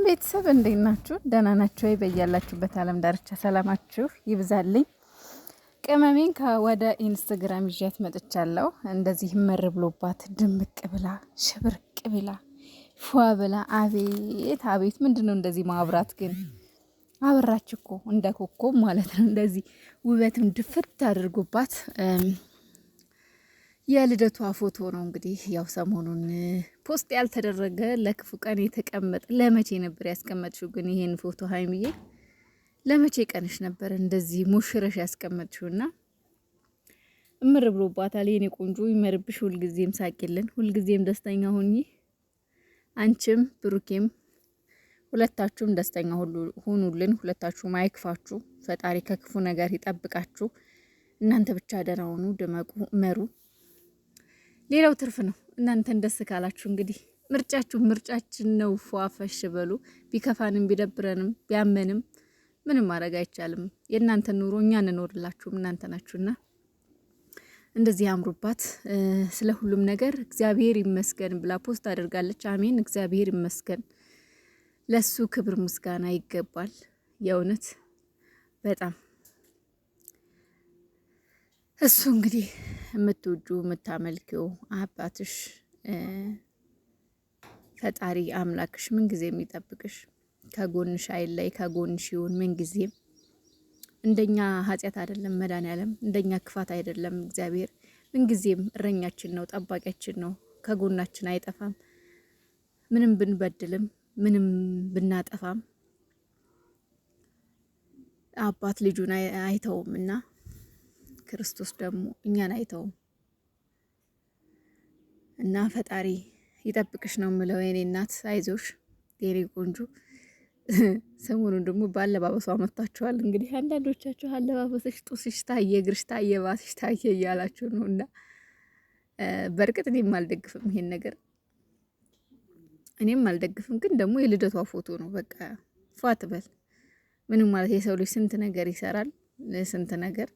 ሰላም ቤተሰብ እንዴት ናችሁ? ደህና ናችሁ ወይ? በያላችሁበት ዓለም ዳርቻ ሰላማችሁ ይብዛልኝ። ቅመሜን ከወደ ኢንስታግራም ይዣት መጥቻለሁ። እንደዚህ መር ብሎባት ድምቅ ብላ ሽብርቅ ብላ ፏ ብላ አቤት አቤት! ምንድን ነው እንደዚህ ማብራት ግን አበራች እኮ እንደ ኮኮብ ማለት ነው። እንደዚህ ውበትም ድፍት አድርጉባት የልደቷ ፎቶ ነው እንግዲህ ያው ሰሞኑን ፖስት ያልተደረገ ለክፉ ቀን የተቀመጠ። ለመቼ ነበር ያስቀመጥሽው ግን ይሄን ፎቶ ሀይሚዬ? ለመቼ ቀንሽ ነበር እንደዚህ ሞሽረሽ ያስቀመጥሽውና እምር ብሎባታል። የኔ ቆንጆ ይመርብሽ፣ ሁልጊዜም ሳቂልን፣ ሁልጊዜም ደስተኛ ሁኚ። አንቺም ብሩኬም ሁለታችሁም ደስተኛ ሁኑልን፣ ሁለታችሁም አይክፋችሁ፣ ፈጣሪ ከክፉ ነገር ይጠብቃችሁ። እናንተ ብቻ ደህና ሁኑ፣ ድመቁ፣ መሩ ሌላው ትርፍ ነው። እናንተን ደስ ካላችሁ እንግዲህ ምርጫችሁ ምርጫችን ነው። ፏፈሽ በሉ። ቢከፋንም ቢደብረንም ቢያመንም ምንም ማድረግ አይቻልም። የእናንተ ኑሮ እኛ እንኖርላችሁም እናንተ ናችሁና እንደዚህ ያምሩባት። ስለ ሁሉም ነገር እግዚአብሔር ይመስገን ብላ ፖስት አድርጋለች። አሜን፣ እግዚአብሔር ይመስገን። ለሱ ክብር ምስጋና ይገባል። የእውነት በጣም እሱ እንግዲህ የምትወጁ የምታመልኪው አባትሽ ፈጣሪ አምላክሽ ምንጊዜ የሚጠብቅሽ ከጎንሽ አይል ላይ ከጎንሽ ይሁን ምንጊዜም። እንደኛ ኃጢአት አይደለም መድኃኔዓለም፣ እንደኛ ክፋት አይደለም እግዚአብሔር። ምንጊዜም እረኛችን ነው፣ ጠባቂያችን ነው፣ ከጎናችን አይጠፋም። ምንም ብንበድልም ምንም ብናጠፋም አባት ልጁን አይተውም እና ክርስቶስ ደግሞ እኛን አይተውም እና ፈጣሪ ይጠብቅሽ ነው የምለው። የኔ እናት አይዞሽ፣ የኔ ቆንጆ። ሰሞኑን ደግሞ በአለባበሷ መጥታችኋል። እንግዲህ አንዳንዶቻችሁ አለባበስሽ፣ ጡስሽ ታየ፣ እግርሽ ታየ፣ ባስሽ ታየ እያላችሁ ነው እና በእርግጥ እኔም አልደግፍም ይሄን ነገር እኔም አልደግፍም። ግን ደግሞ የልደቷ ፎቶ ነው በቃ ፏ ምንም ማለት የሰው ልጅ ስንት ነገር ይሰራል፣ ስንት ነገር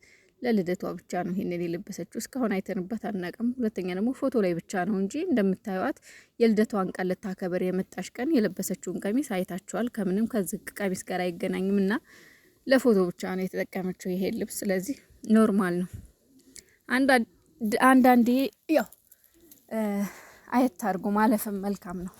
ለልደቷ ብቻ ነው ይሄንን የለበሰችው። እስካሁን አይተንበት አናቅም። ሁለተኛ ደግሞ ፎቶ ላይ ብቻ ነው እንጂ እንደምታዩት የልደቷን ቀን ልታከበር የመጣሽ ቀን የለበሰችውን ቀሚስ አይታችኋል። ከምንም ከዝቅ ቀሚስ ጋር አይገናኝም እና ለፎቶ ብቻ ነው የተጠቀመችው ይሄ ልብስ። ስለዚህ ኖርማል ነው። አንዳንዴ ያው አየት አድርጎ ማለፍም መልካም ነው።